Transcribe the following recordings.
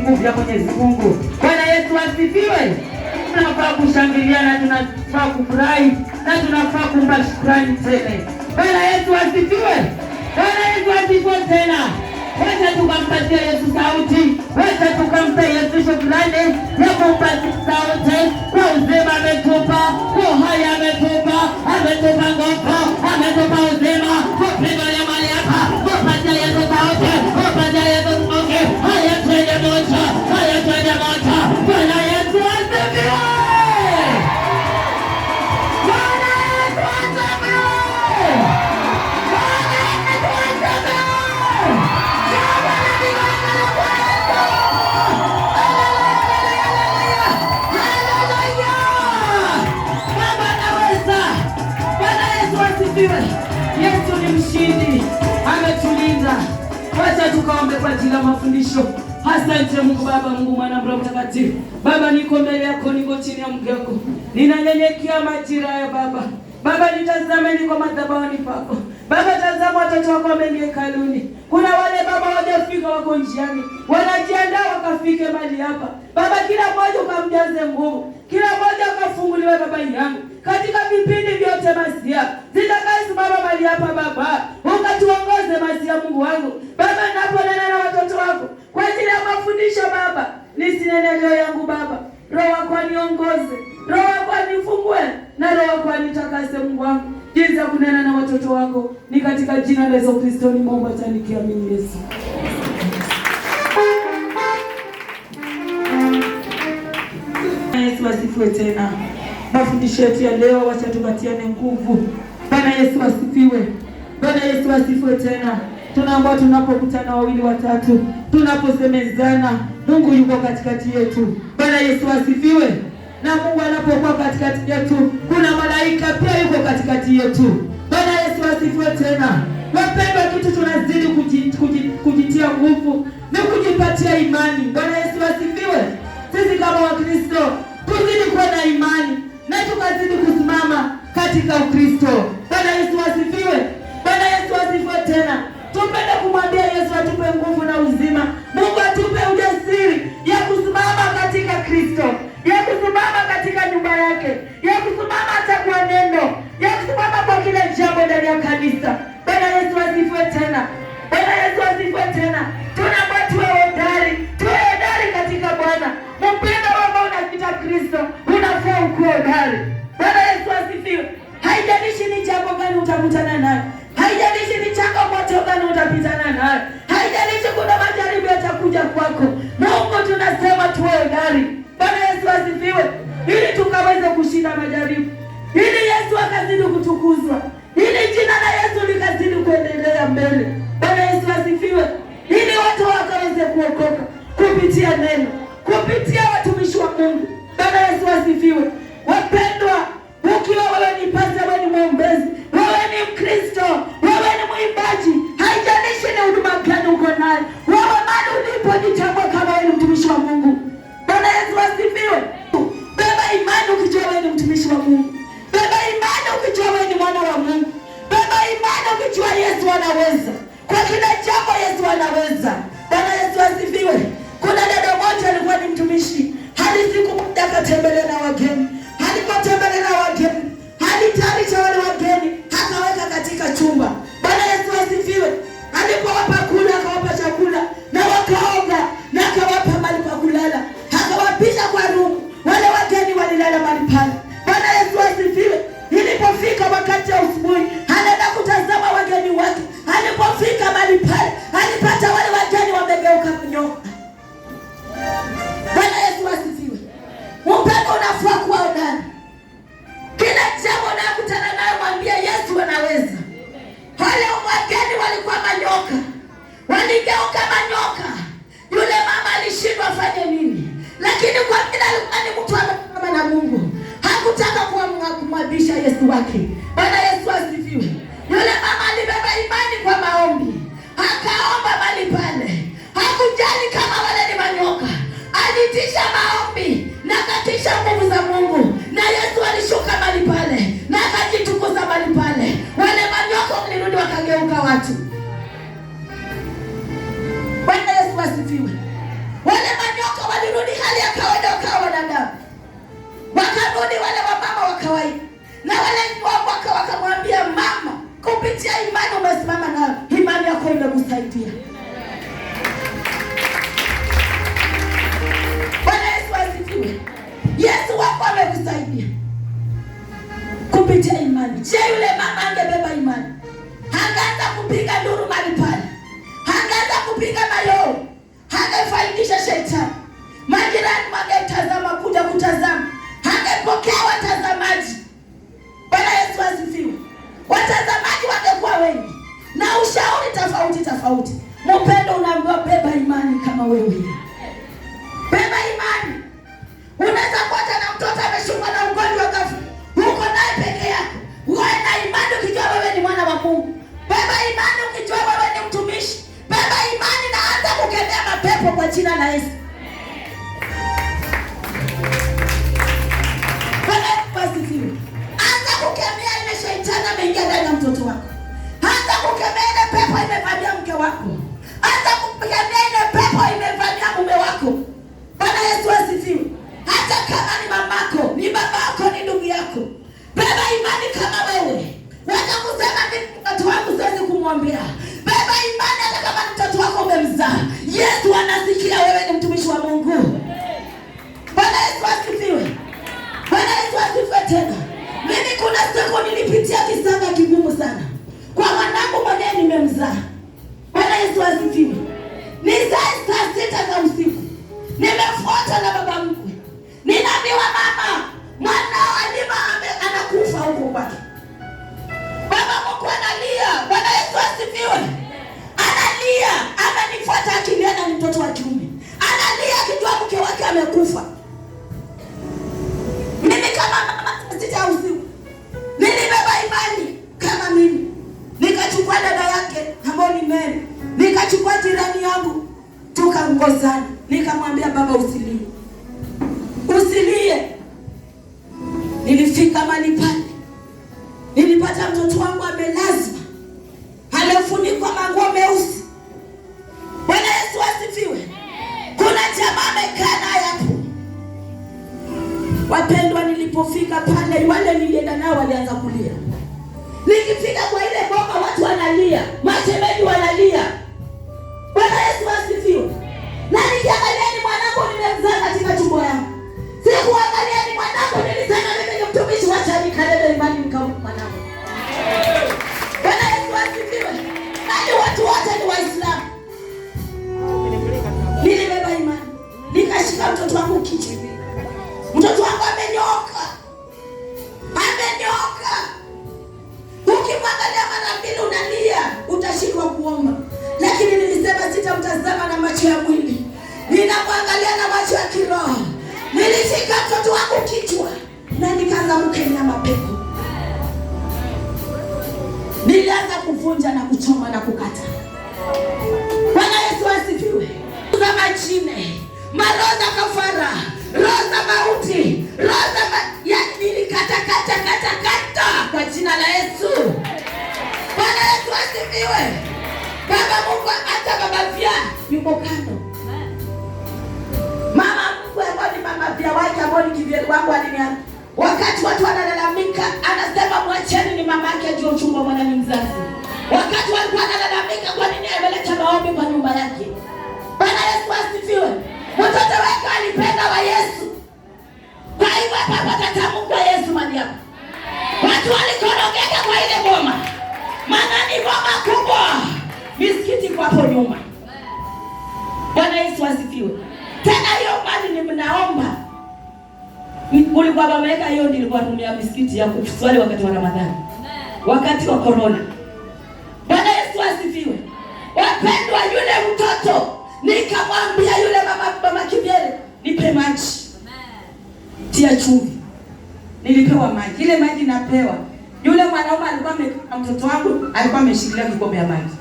nguvu ya Mwenyezi Mungu. Bwana Yesu asifiwe. Tunafaa kushangiliana, tunafaa kufurahi na tunafaa kumpa shukrani tele. Bwana Yesu asifiwe. Bwana Yesu asifiwe tena. Wacha tukampatia Yesu sauti, wacha tukampa Yesu shukrani ya kumpa sauti kwa uzima ametupa, kwa uhai ametupa, ametupa nguvu, ametupa uzima kwa Wacha tukaombe kwa ajili ya mafundisho. Asante Mungu Baba, Mungu Mwana, Roho Mtakatifu. Baba, niko mbele yako, niko chini ya mguu wako, ninanyenyekea majira ya Baba. Baba, nitazame, niko madhabahuni pako Baba, tazama watoto wako wameingia hekaluni. Kuna wale Baba wajafika, wako njiani, wanajiandaa wakafike mali hapa Baba. Kila mmoja ukamjaze nguvu, kila mmoja ukafunguliwe Baba yangu katika vipindi vyote Masia zitakayesimama mali hapa Baba, ukatuongoze Masia, Mungu wangu Baba, naponena na watoto wako kwa ajili ya mafundisho Baba, nisinene leo yangu Baba, Roho wako aniongoze, Roho wako anifungue na Roho wako anitakase, Mungu wangu jinsi ya kunena na watoto wako ni katika jina la Yesu Kristo, nimeomba hata nikiamini Yesu. Yesu asifiwe tena mafundisho yetu ya leo, wacha tupatiane nguvu. Bwana Yesu asifiwe. Bwana Yesu asifiwe tena. Tunaomba tunapokutana wawili watatu, tunaposemezana, Mungu yuko katikati yetu. Bwana Yesu asifiwe. Na Mungu anapokuwa katikati yetu, kuna malaika pia yuko katikati yetu. Bwana Yesu asifiwe tena. Wapendwa, kitu tunazidi kujitia kuji, kuji nguvu ni kujipatia imani. Bwana Yesu asifiwe. Sisi kama Wakristo katika Ukristo. Bwana Yesu asifiwe. Bwana Yesu asifiwe tena. Tupende kumwambia Yesu atupe nguvu na uzima. Mungu atupe ujasiri ya kusimama katika Kristo, ya kusimama katika nyumba yake, ya kusimama hata kwa neno, ya kusimama kwa kila jambo ndani ya kanisa. Bwana Yesu asifiwe tena. Bwana Yesu asifiwe tena. Tunaomba tuwe hodari, tuwe Malaman pala kupitia imani umesimama nayo, imani yako imekusaidia. Bwana Yesu asifiwe. Yesu wako amekusaidia kupitia imani. Je, yule mama angebeba imani, hangeweza kupiga nuru mahali pale, hangeweza kupiga mayoo, hangefaidisha shetani, majirani wangetazama kuja kutazama, hangepokea watazamaji. Bwana Yesu asifiwe. Watazama ushauri tofauti tofauti. Mpendo unaambiwa beba imani kama wewe, beba imani. Unaweza kuota na mtoto ameshikwa na ugonjwa ghafla, Huko naye peke yako, uwe na imani ukijua wewe ni mwana wa Mungu. Beba imani ukijua wewe ni mtumishi. Beba imani na anza kukemea mapepo kwa jina la Yesu. Anza kukemea ile shetani ameingia ndani ya mtoto wako wako, hata kupigania ile pepo imevamia mume wako. Bwana Yesu asifiwe. Hata kama ni mamako, ni babako, ni ndugu yako, beba imani kama wewe Wacha kusema mimi mtoto wangu siwezi kumwambia. Beba imani, hata kama mtoto wako umemzaa, Yesu anasikia wewe ni mtumishi wa Mungu. Bwana Yesu asifiwe. Bwana Yesu asifiwe tena. Mimi kuna siku nilipitia kisanga kigumu sana kwa mwanangu mwenyewe nimemzaa nilifika mahali yuko kando. Mama mkwe ambao ni mama vya waje ambao ni kivyenu wangu aliniambia wakati watu wanalalamika, anasema mwacheni, ni mama yake ajue uchungu wa mwana ni mzazi. Wakati walikuwa wanalalamika, kwa nini ameleta maombi kwa nyumba yake? Bwana Yesu asifiwe. Mtoto wake alipenda wa Yesu, kwa hivyo hapa atatamka Yesu mali yako. Watu walikorogeka kwa ile boma, maana ni boma kubwa, misikiti kwapo nyuma Bwana Yesu asifiwe. Tena hiyo mali ni mnaomba. Ulikuwa bameweka hiyo nilikuwa tumia misikiti ya kuswali wakati wa Ramadhani. Wakati wa corona. Bwana Yesu asifiwe. Wapendwa, yule mtoto nikamwambia yule mama mama Kibiere, nipe maji. Tia chumvi. Nilipewa maji. Ile maji napewa. Yule mwanaume alikuwa amekuwa mtoto wangu alikuwa ameshikilia kikombe ya maji.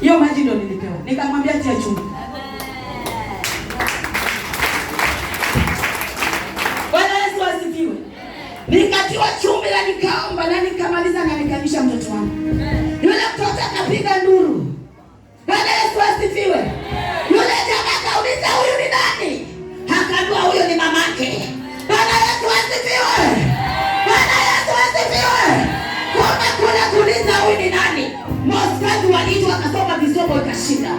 Hiyo maji ndio nilipewa. Nikamwambia tia chumvi. nikatiwa chumvi na nikaomba na nikamaliza na nikamisha mtoto wangu. Yule mtoto akapiga nduru. Bwana Yesu asifiwe. Yule jamaa akauliza, huyu ni nani? Akajua huyu ni mamake. Bwana Yesu asifiwe. Bwana Yesu asifiwe. Kama kuna kuuliza huyu ni nani? Moskati waliitwa akasoma visomo ikashinda.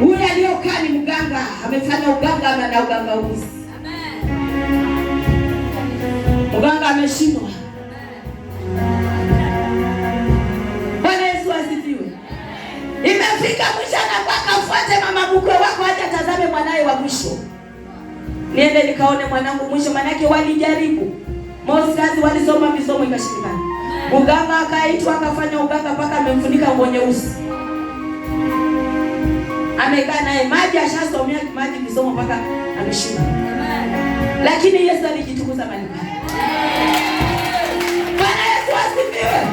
Huyu aliyokaa ni mganga, amefanya uganga na uganga uzi mganga ameshindwa. Bwana Yesu asifiwe. Imefika mwisho, anataka mfuate mama mkwe wako, acha tazame mwanaye wa mwisho. Niende nikaone mwanangu mwisho, manake walijaribu Moskazi, walisoma misomo ikashindikana, uganga akaitwa, akafanya uganga mpaka amemfunika nguo nyeusi amekaa naye maji, ashasomea maji misomo mpaka ameshinda, lakini Yesu alijitukuza mbalimbali. wewe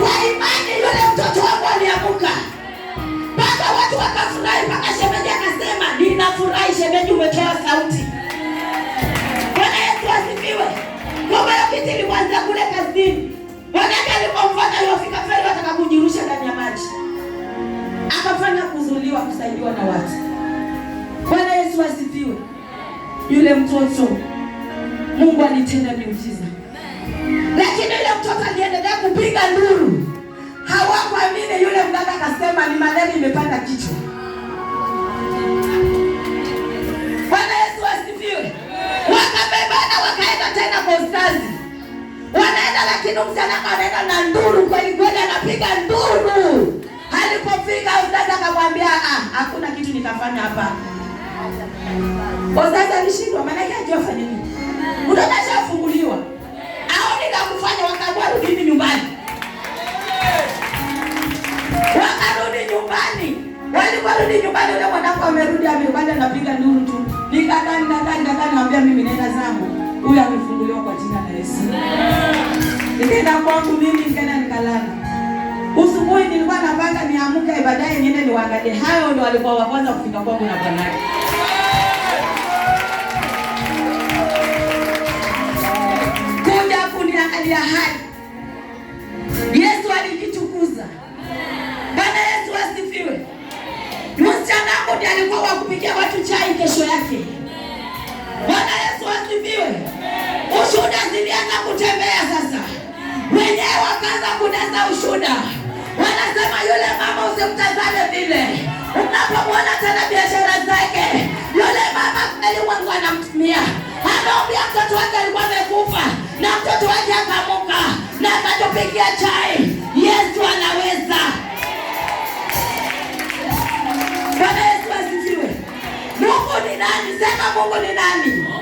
kwa imani, yule mtoto wangu aliamuka mpaka watu wakafurahi, mpaka shemeji akasema ninafurahi. Shemeji umetoa sauti. Bwana Yesu asifiwe. Ngoma ya vita ilianza kule kazini, mwanake alipomfuata yofika feri, wataka kujirusha ndani ya maji, akafanya kuzuliwa, kusaidiwa na watu. Bwana Yesu asifiwe. Yule mtoto Mungu alitenda miujiza, lakini mtoto aliendelea kupiga nduru. Hawakuamini. Yule mdada akasema ni madeni imepanda kichwa. Bwana Yesu asifiwe. Wakabebana wakaenda tena kwa ustazi, wanaenda lakini msichana anaenda na nduru kweli kweli, anapiga nduru. Alipofika ustazi akamwambia ah, hakuna kitu nitafanya hapa. Ustazi alishindwa, maanake ajua fanya nini. Mtoto ashafunguliwa Nikaenda kwangu mimi, nikaenda nikalala. Usubuhi nilikuwa napanga niamke baadaye niende niwaangalie. Hayo ndio walikuwa wa kwanza kufika kwangu na bwana yake. Kuja kuniangalia hali. Yesu alijitukuza. Bwana Yesu asifiwe. Msichana wangu ndiye alikuwa wa watu chai kesho yake. Bwana Yesu asifiwe unaanza kutembea sasa, wenyewe wakaanza kunasa ushuda, wanasema yule mama usimtazame vile. Unapomwona tena biashara zake, yule mama kweli Mungu anamtumia. Anaombia mtoto wake alikuwa amekufa, na mtoto wake akamuka na akatupikia chai. Yesu anaweza. Bwana Yesu asifiwe. Mungu ni nani? Sema Mungu ni nani?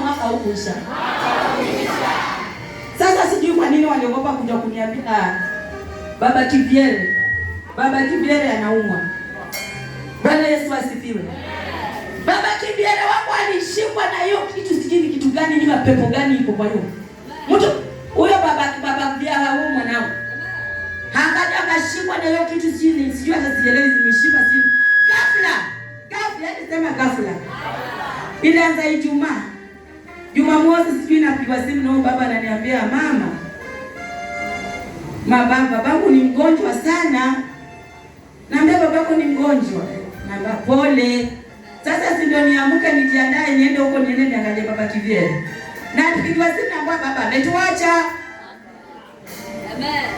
au haukuisha. Sasa sijui kwa nini waliogopa kuja kuniambia Baba Kivyere, Baba Kivyere anaumwa. Bwana Yesu asifiwe. Baba Kivyere wako alishikwa na hiyo kitu, sijui kitu gani, ni mapepo gani iko kwa hiyo mtu huyo. Baba Baba Kivyere wao mwanao hakaja akashikwa na hiyo kitu, sijui sijui, hata sielewi zimeshika simu ghafla ghafla, yani sema ghafla, ilianza Ijumaa Jumamosi sijui napigwa simu na baba ananiambia, mama mababa, babangu ni mgonjwa sana. Naambia babako ni mgonjwa, naamba pole. Sasa si ndio niamuke nijiandae niende huko niende niangalie baba kivyele, na tukijua simu naambia baba ametuacha. Amen.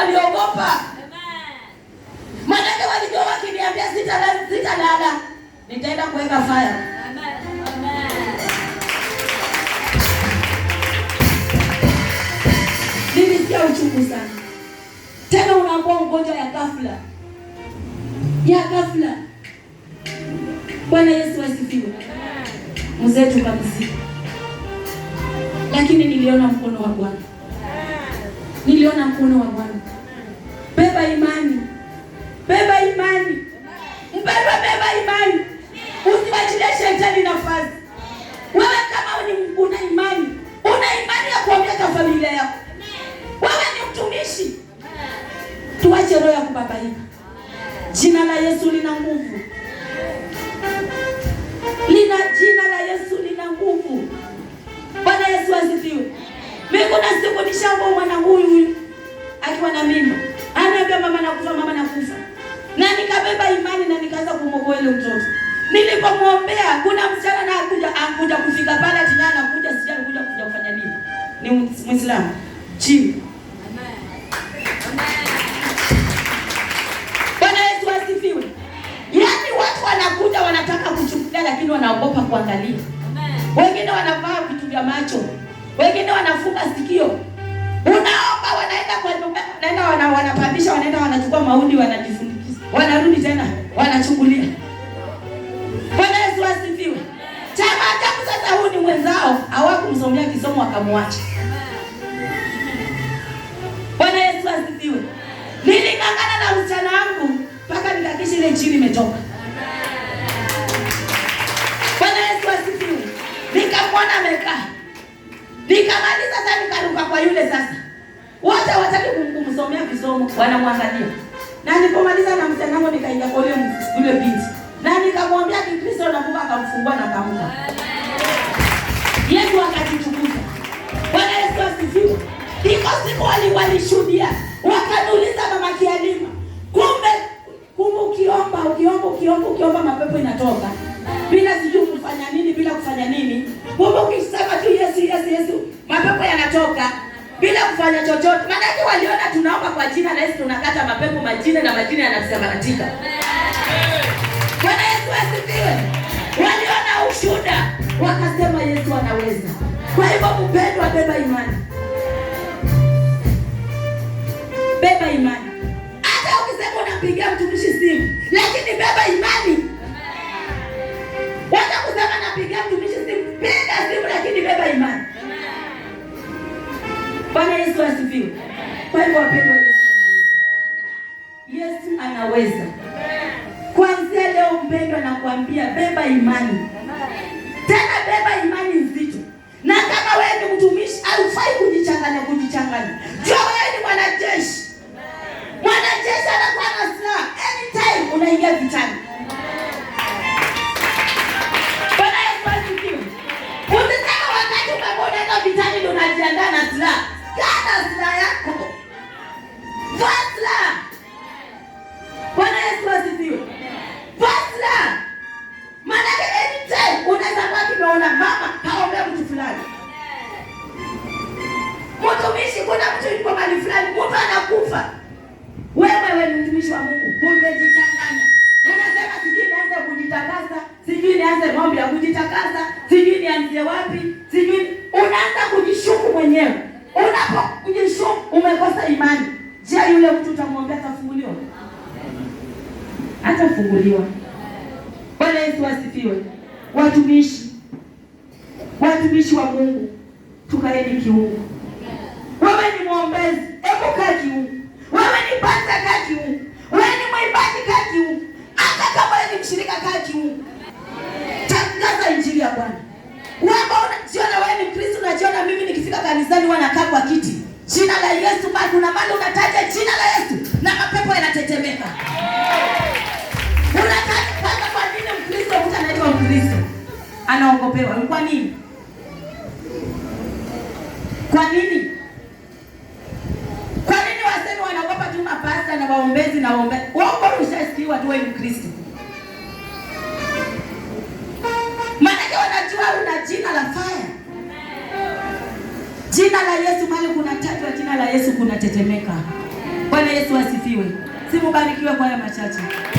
waliogopa, manake walijua wakiniambia sitalala, sitalala nitaenda kuweka faya Nilisikia uchungu sana, tena unaambua ugonjwa ya ghafla ya ghafla. Bwana Yesu asifiwe. Mzee tukamzika, lakini niliona mkono wa Bwana, niliona mkono wa Bwana. Beba imani, beba imani, mbeba, beba imani, usibachilie shetani nafasi. Wewe kama una imani, una imani ya kuongeza familia yako, wewe ni mtumishi. Tuache roho ya kubabaika. Jina la Yesu lina nguvu, lina jina la Yesu lina nguvu. Bwana Yesu asifiwe. Mimi kuna siku nishaomba mwana huyu huyu akiwa na mimi nakufa, mama nakufa. Na nikabeba imani na nikaanza kumwokoa ile mtoto. Nilipomwombea kuna msichana na akuja akuja kufika pale tena kuja sija anakuja kuja kufanya nini? Ni Muislamu. Chini. Bwana Yesu asifiwe. Yaani watu wanakuja wanataka kuchukua lakini wanaogopa kuangalia. Wengine wanavaa vitu vya macho. Wengine wanafunga sikio. Unaomba wanaenda kwa nyumba, wanaenda wana wanapandisha, wanaenda wanachukua maudi, wanajifundikiza, wanarudi tena wanachukulia. Bwana Yesu asifiwe. Chama ajabu sasa, huyu ni mwenzao, hawakumsomea kisomo akamwacha. Bwana Yesu asifiwe. Niling'ang'ana na msichana wangu mpaka nikakishi ile chini imetoka. Bwana Yesu asifiwe. Nikamwona amekaa Nikamaliza sasa nikaruka kwa yule sasa. Wote wataki kumsomea visomo wanamwangalia. Na nilipomaliza na mtandao nikaingia kwa yule yule binti. Na nikamwambia Kikristo na Mungu akamfungua na kamuka. Yesu akajitukuza Bwana Yesu asifiwe. Iko siku walishuhudia. Wakaniuliza mama Kialima, kumbe kumbe ukiomba ukiomba ukiomba ukiomba mapepo inatoka bila sijui kufanya nini, bila kufanya nini. Mungu ukisema tu Yesu Yesu Yesu, mapepo yanatoka bila kufanya chochote. Maanake waliona tunaomba kwa jina la Yesu tunakata mapepo majina na majina yanasambaratika. Bwana Yesu asifiwe. Waliona ushuda wakasema Yesu anaweza. Kwa hivyo mpendwa, beba imani, beba imani. Hata ukisema unampigia mtumishi simu, lakini beba imani Wacha kusema napigia mtumishi simu, piga simu lakini beba imani. Bwana Yesu asifiwe. Kwa hivyo wapendwa, Yesu anaweza. Kuanzia leo mpendwa, nakwambia beba imani, tena beba imani nzito. Na kama wewe ni mtumishi, haufai kujichanganya kujichanganya. Jua wewe ni mwanajeshi, mwanajeshi anakuwa na silaha, anytime unaingia vitani kaa na silaha, kaa na silaha yako, vaa silaha. Bwana Yesu asifiwe, vaa silaha. Maanake anytime unaweza kuwa kimeona mama kaombea mtu fulani, mtumishi, kuna mtu yuko mahali fulani, mtu anakufa, wewe wewe ni mtumishi wa Mungu, umejichanganya unasema sijui nianze kujitakasa, sijui nianze maombi ya kujitakasa, sijui nianzie wapi mwenyewe. kujisho umekosa imani, je, yule mtu utamwambia atafunguliwa? atafunguliwa Bwana Yesu asifiwe. Watumishi, watumishi wa Mungu, tukaeni kiungu anaogopewa. Kwa nini? Kwa nini? Kwa nini waseme wanaogopa tu mapasta na waombezi na waombe? Wao ushasikiwa tu wewe Mkristo. wanajua una jina la faya. Jina la Yesu mali kuna tatwa, jina la Yesu kuna tetemeka. Bwana Yesu asifiwe. Simubarikiwe kwa haya machache.